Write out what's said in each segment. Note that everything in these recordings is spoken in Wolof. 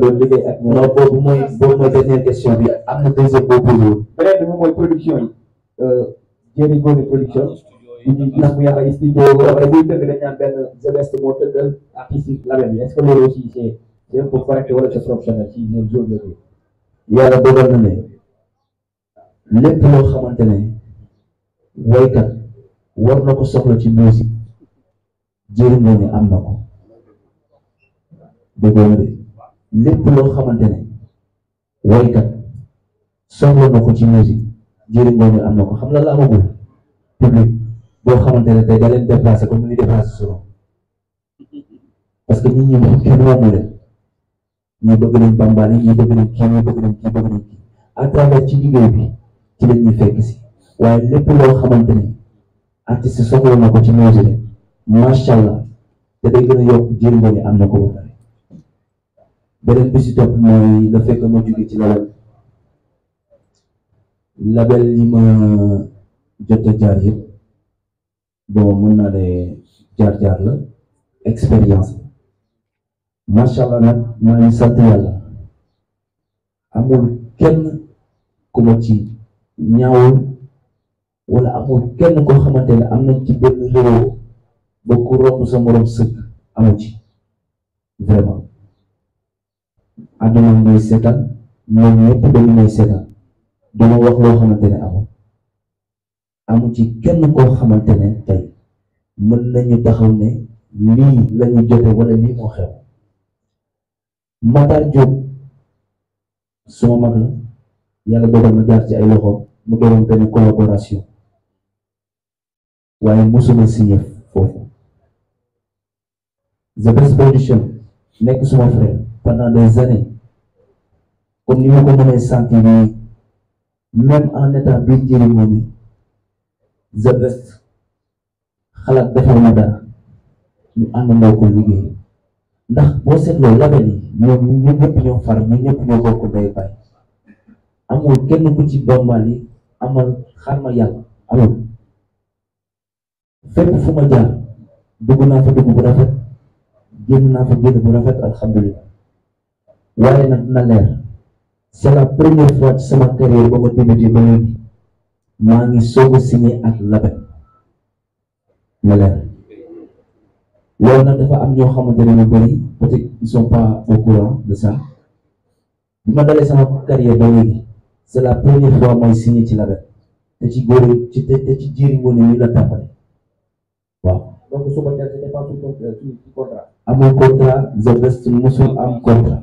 doon liggéey ak ñoom. non boobu mooy boobu mooy dernière question bi am na deuxième boobu boobu. beneen bi moom mooy production yi. jéem a góob production. ñu ngi naan mu yàq ay studio wala buy tëgg dañ naan benn semestre moo tëggal artiste label bi est ce que loolu aussi c'est c'est pour correct wala c'est professionnel ci ñoom zone yooyu. yàlla dogal na ne lépp loo xamante ne waykat war na ko soxla ci musique jëriñ la ne am na ko déggoo na de. lépp loo xamante ne woykat soxla na ko ci musique jëriñ boobu am na ko xam la la amagul public xamante ne tey da leen déplacé comme ni ñuy déplacé souvent que nit ñi moom kenn leen ñi bëgg nañ bambane ñi bëgg nañ kii ñi bëgg nañ kii bëgg ci liggéey bi ci la ñuy fekk waaye lépp loo xamante ne artiste soxla na ko ci musique macha allah te day gën a yokk jëriñ boobu am na ko beneen bi topp mooy le fait ma jóge ci label label yi ma jot a jaar yëpp bon mën naa jaar-jaar la expérience macha allah nag maa ngi sant yàlla amul kenn ku ma ci ñaawul wala amul kenn koo xamante ne am na ci benn réew ba ku romb sa morom sëkk amu ci vraiment àdduna mooy seetaan ñoom ñëpp dañu may seetaan dama wax loo xamante ne amul amu ci kenn koo xamante ne tey mën nañu taxaw ne lii lañu jote wala lii moo xew Matar Diop suma mag la yàlla dogal ma jaar ci ay loxo mu doon benn collaboration waaye mosuma signé foofu The Best Production nekk suma frère pendant des années comme ni ma ko mënee sentir nii même en état bii ni the xalaat defal ma dara ñu àndandoo ko liggéey ndax boo seetloo label yi ñoom ñu ñëpp ñoo far ñu ñëpp ñoo bokk day bay amul kenn ku ci bambali amal xar ma yàlla amul fépp fu ma jaar dugg naa fa dugg bu rafet génn naa fa génn bu rafet alhamdulilah waaye nag na leer c'est la première fois ci sama carrière ba ma débuté ba léegi maa ngi soog a signé ak label na loolu nag dafa am ñoo xamante ne ñu bëri peut-être ils sont pas au courant de ça dalee sama carrière ba léegi c'est la première fois mooy signé ci ci góor te ci jiiri ñu la tàmbali waaw. donc su ko defee c'était pas contrat. amul contrat. The musul am contrat.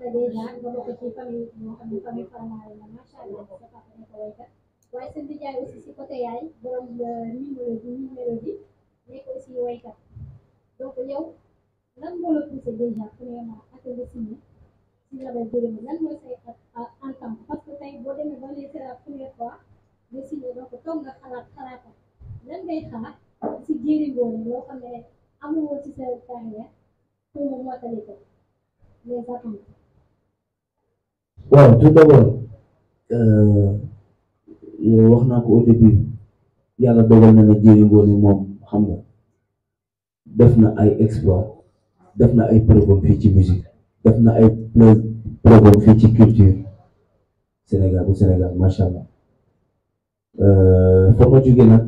ಪ್ರದೇಶ ಒಬ್ಬೊಬ್ಬ kami ko. waaye seen nijaay aussi si côté yaay borom numéro bi numéro bi nekk aussi waykat donc yow lan moo la poussé déjà premièrement ak nga signé si label Jërëm lan mooy say entame parce que tey boo demee ba léegi c'est la première fois nga nga xalaat xalaata lan ngay xalaat si Jéeri Ngoone loo xam ne amul woon ci sa carrière pour mu mottali ko les attentes waaw tout d'abord euh, wax naa ko au début yàlla dogal na ne Diery Ngone moom xam nga def na ay exploit def na ay preuve fii ci musique def na ay preuve fii ci culture Sénégal bu Sénégal macha allah euh, fa ma nag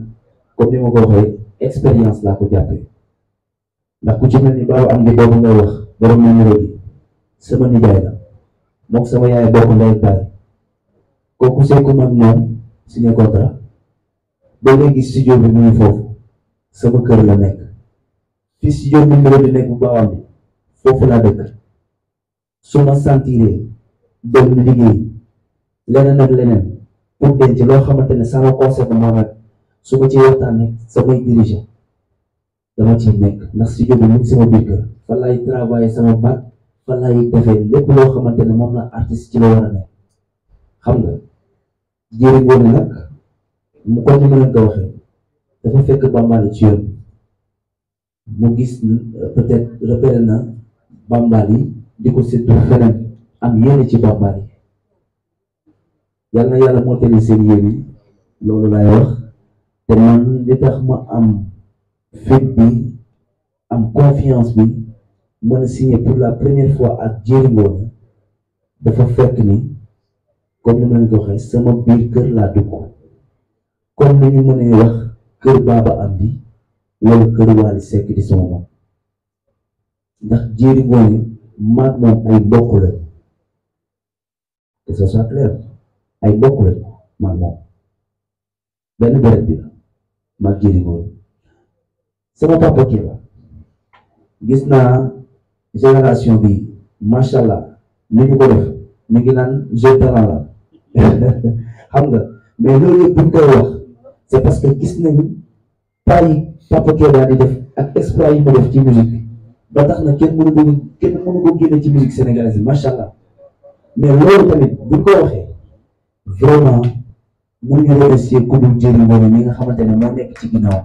comme ni ma ko waxee expérience laa ko jàppee ndax ku ci mel ni baaw am di boobu ngay wax borom numéro bi sama nijaay la moom sama yaay bokk ndey baay kooku sekku man moom signé contrat ba léegi studio bi muy foofu sama kër la nekk fi studio bi bu baaxam su ma sentiree dem liggéey leneen ak leneen pour denc loo xamante ne sama concept moo nag su ma ci waxtaanee samay dirigeant dama ci nekk ndax studio bi mu sama biir kër fa laay travailler sama baat fa lay defee lépp loo xamante ne moom la artiste ci la war a ne xam nga jëriñ woon nag mu comme ni ma leen waxee dafa fekk Bambaly ci yoon mu gis euh, peut-être repéré na Bambaly di ko séddu feneen am yéene ci Bambaly yal na yàlla moo tëddee seen yéen loolu laay wax te man li tax ma am fit bi am confiance bi. mën a signé pour la première fois ak Jerry dafa fekk ni comme ni ma leen ko waxee sama biir kër laa dugg comme ni ñu mënee wax kër Baba Amdi wala kër Wally Seck di sama moom ndax Jerry Ngoné moom ay mbokk la que ce soit clair ay mbokk la maag moom benn béréb bi la maag Jerry sama papa kii la gis naa. génération bi macha allah ni ñu ko def mi ngi naan jeune la xam nga mais loolu yëpp bu ñu koy wax c' parce que gis nañu pas yi Papa Keba di def ak exploit yi mu def ci musique ba tax na kenn mënu ko ko génne ci musique sénégalaise bi allah mais loolu tamit bu ñu ko waxee vraiment mënuñu remercier ku dul jëriñ boobu ñi nga xamante ne moo nekk ci ginnaaw.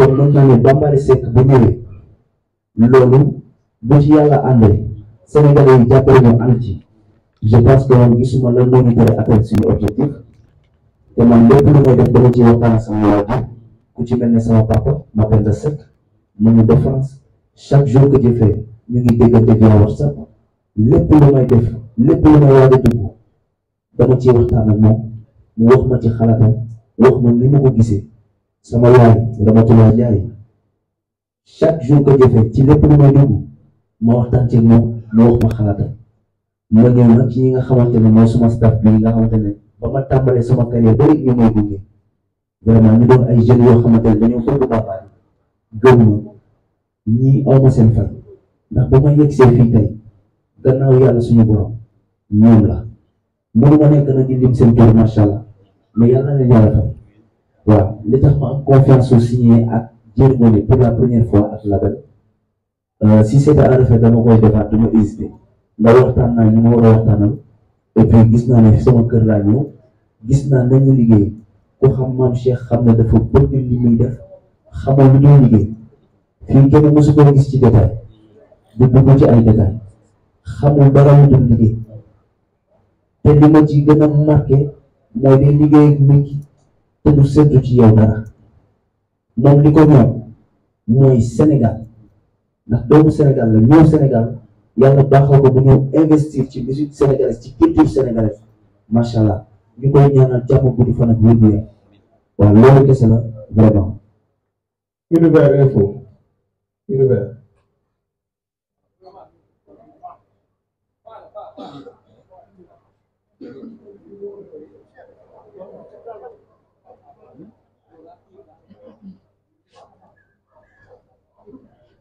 kon mën naa ne Bambaly Seck bu ñëwee loolu bu ci yàlla àndee Sénégalais yi jàppale ñu ànd ci je pense que man gisuma lan moo ñu tere atteindre suñu objectif te man lépp lu may def dama ci waxtaan a dugg dama ci waxtaan ak moom mu wax ma ci xalaatam wax ma ni ma ko gisee. sama yaay Ramatulaay Njaay chaque jour ko jëfee ci lépp lu may dugg ma waxtaan ci moom ma wax ma xalaatam ma ñëw nag ci nga xamante ne mooy suma staff bi nga xamante ne ba ma tàmbalee sama carrière ba léegi may gunge vraiment ñu doon ay jeunes yoo xamante ne dañoo bëgg Bambey gëm ma ñii aw ma seen fay ndax ba ma yegg see fii tey gannaaw yàlla suñu borom ñoom la mënu ma nekk nag di seen tur macha allah yàlla na leen waaw li tax ma am confiance su ak Diène Ngone pour la première fois ak label euh, si c'était à refaire dama koy defaat du ma hésité waxtaan naa ñu ma war a waxtaanal gis naa ne sama kër laa ñëw gis naa nañu liggéey ku xam maam Cheikh xam ne dafa bëgg liggéey fii kenn mësu ko gis ci détail du dugg ci ay détail xamul dara lu dul liggéey te li ma ci gën a marqué mooy day liggéey ak te du seetu ci yow dara moom li ko ñoom mooy Sénégal ndax doomu Sénégal la ñëw Sénégal yàlla baaxal ko bu ñëw investir ci musique sénégalaise ci culture sénégalaise macha allah ñu koy ñaanal jàmm guddi fan ak wér gu waaw loolu kese la vraiment. Univers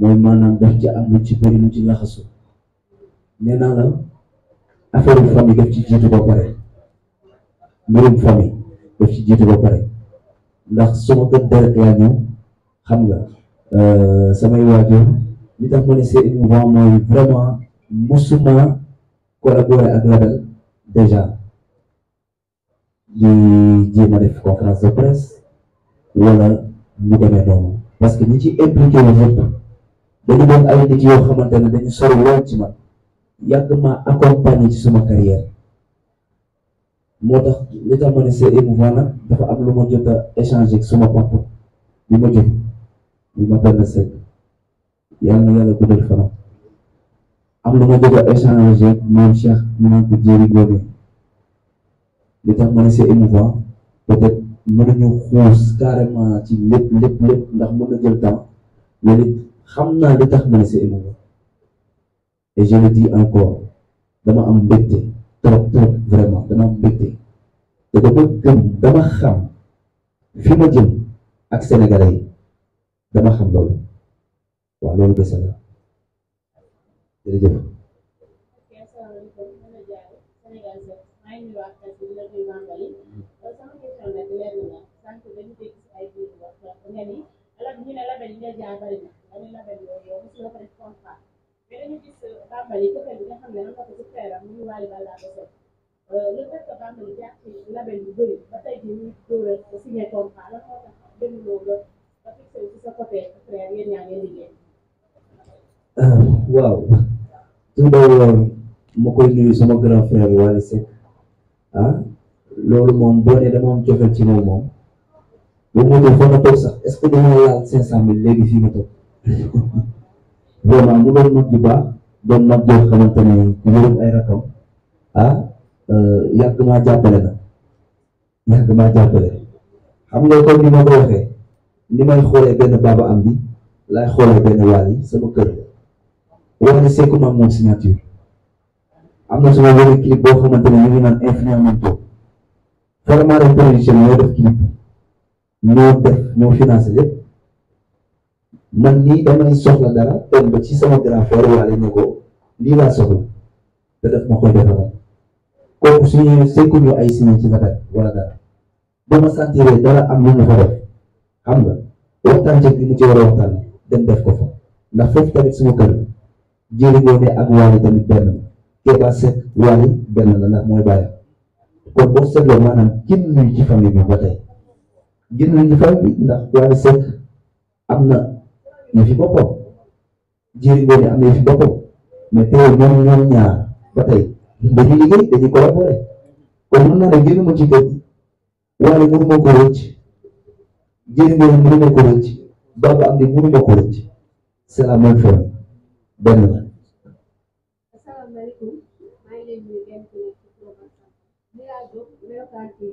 mooy maanaam daf ci am ci bëri lu ci laxasu nee naa la famille daf ci jiitu ba pare mbirum famille daf ci jiitu ba pare ndax su deret laa ñëw xam nga euh, samay waajur li tax ma ne c'est émouvant mooy vraiment musuma collaborer ak Label déjà di jéem a def conférence de presse wala mu noonu parce que ñi ci impliqué wu dañu doon ay nit yoo xamante ne dañu sori lool ci man yàgg ma accompagner ci suma carrière moo tax li tax ma ne c'est émouvant a échanger am lu ma a échanger moom mu naan xuus carrément ci lépp lépp ndax mën na jël temps mais xam naa li tax ma ne c'est émouvant et je le dama am mbégte trop trop vraiment dama am mbégte te dama gëm dama xam fi ma jëm ak sénégalais yi dama xam loolu waaw loolu bés la jërëjëf ma koy nuyu sama grand ah, loolu moom boo nee dama am ne dama laal léegi fii nga baax doon mag joo xamante ne ku yërëm ay rakam ah, euh, yàgg maa jàppale na yàgg maa jàppale xam nga comme ni ma ko waxee ni may xoolee benn Baba Amdy laay xoolee benn Wally sama kër war na sekku ma moom signature am na suma boo xamante ne ñu ngi naan influent mentor Farmare production def clip ñoo def ñoo financé lépp man nii damay soxla dara dem ba ci sama grand frère waale ne ko lii laa soxla te def ma koy defaral kooku su ñu sekku ay signé ci dara wala dara ba ma sentiree dara am lu mu fa def xam nga waxtaan ceeb li mu ci war a waxtaan dem def ko fa ndax foofu tamit suñu kër Jéeri Ngoné ak Wally tamit benn la Kéba Seck Wally benn la ndax mooy bàyyam kon boo seetloo maanaam génnuñu ci famille bi ba tey génnuñu ci famille bi ndax Wally Seck am na ñu fi boppam Jéeri Ngoné am na ñu fi boppam mais tey ñoom ñoom ñaar ba tey dañuy liggéey dañuy collaborer kon mën naa ne génn ma ci kër gi Wally mënu ma ko rëcc Jéeri Ngoné mënu ma ko rëcc Baba Amdi mënu ma ko rëcc c'est la même chose benn la. asalaamaaleykum leen di nuyu ngeen nekk ci programme bi laa jóg melokaan bi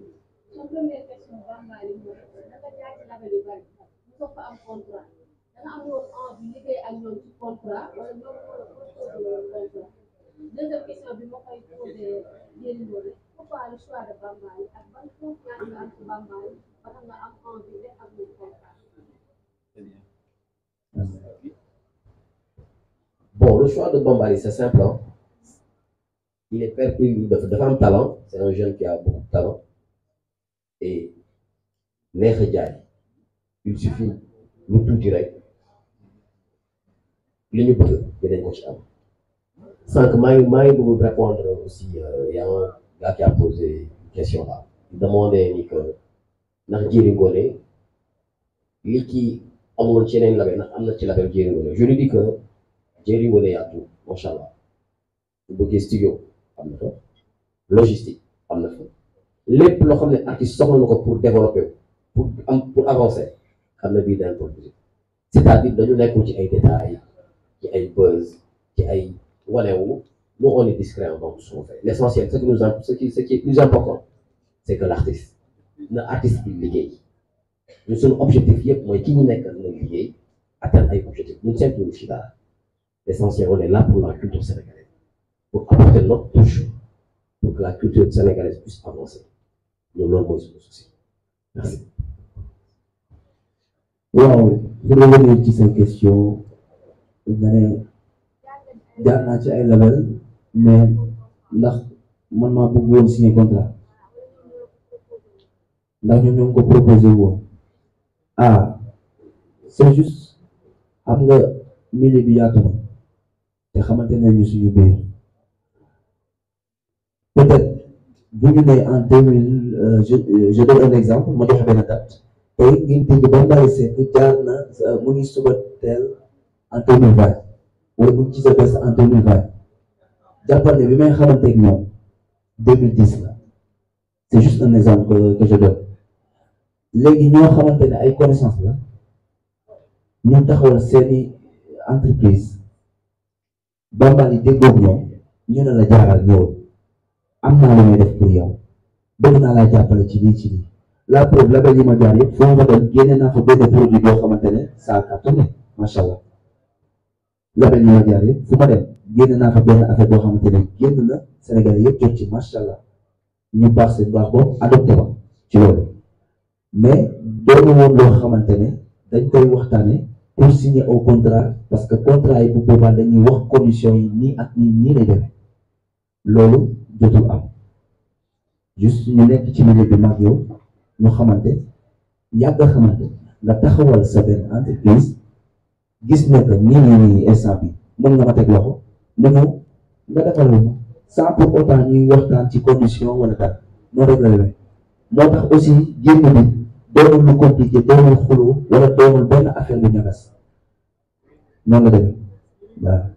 sa première question Bambaly mooy dafa jaar ci label yu bari mu soog fa am contrat da nga amoon envie liggéey ak ñoom ci contrat wala ñoom ñoo proposé woon contrat deuxième question bi ma koy posé yéen loolu pourquoi le choix de Bambaly ak ban confiance nga am ci Bambaly Bon, le choix de Bambali, c'est simple. Hein? Il est perdu de, de femmes talent. C'est un jeune qui a beaucoup de talent. Et il suffit lu tuuti rek li ñu bëgg dinañ ko ci am sànq maa ngi maa ngi bëgg répondre aussi euh, y a un gars qui question là demandé ni que ndax Jéri Ngoné li ci amoon ci yeneen label ndax am na ci la Jéri Ngoné je lui dis que jëri wala yaatu macha allah bu bëggee studio am na fa logistique am na fa lépp loo xam ne artiste soxla na ko pour développer pour am pour avancer xam na bii daan produire c'est-à-dire dañu nekkul ci ay détails ci ay buzz ci ay wanewu nous on est discret en banque suñu fay l'essentiel ce qui nous ce qui ce qui est plus important c'est que l'artiste na artiste yëpp mooy ki ñu nekk na liggéey ci dara L'essentiel, on est là pour la culture sénégalaise, pour que la culture sénégalaise puisse avancer. Nous l'avons ce souci. Merci. waaw su ma leen ci sa question nga ne jaar naa ci ay label mais ndax man maa bëgg woon signer contrat ndax ñoom ñoo ngi ko proposé woon ah, te xamante ne ñu suñu biir peut-être bu ñu nee en deux mille euh, je euh, je donne un exemple ma joxe benn date tey ngeen dégg Bambaye na euh, mu ngi suba teel en deux mille vingt wala mu ngi ci sa bés en deux mille ne bi may xamante ak ñoom deux mille dix la c'est juste un exemple que que je donne xamante ne ay connaissance la ñu taxawal seeni entreprise bambal yi déggoog ñoom ñu ne la jaaral ñëwul am naa lu may def pour yow bëgg naa laa jàppale ci lii ci lii la preuve label yi ma jaar yëpp foo ma dem génne naa fa benn produit boo xamante ne saa cartonné macha allah naa fa xamante ne génn na Sénégal yëpp jot ci macha allah ñu baax seen baax boobu adopté ma ci loolu mais doonu woon loo xamante ne dañ koy waxtaane pour signer au contrat parce que contrat yi bu boobaa dañuy wax conditions yi nii ak nii nii lay demee loolu jotul am juste ñu nekk ci milieu bi mag ñu xamante yàgg a xamante nga taxawal sa benn entreprise gis ne nii nii nii instant bi mën nga ma teg loxo mu nga defal ma sans pour autant ñuy waxtaan ci condition wala dara moo tax aussi génn bi doonul lu compliqué doonul xuloo wala doonul benn affaire bu ñagas noonu la dem waaw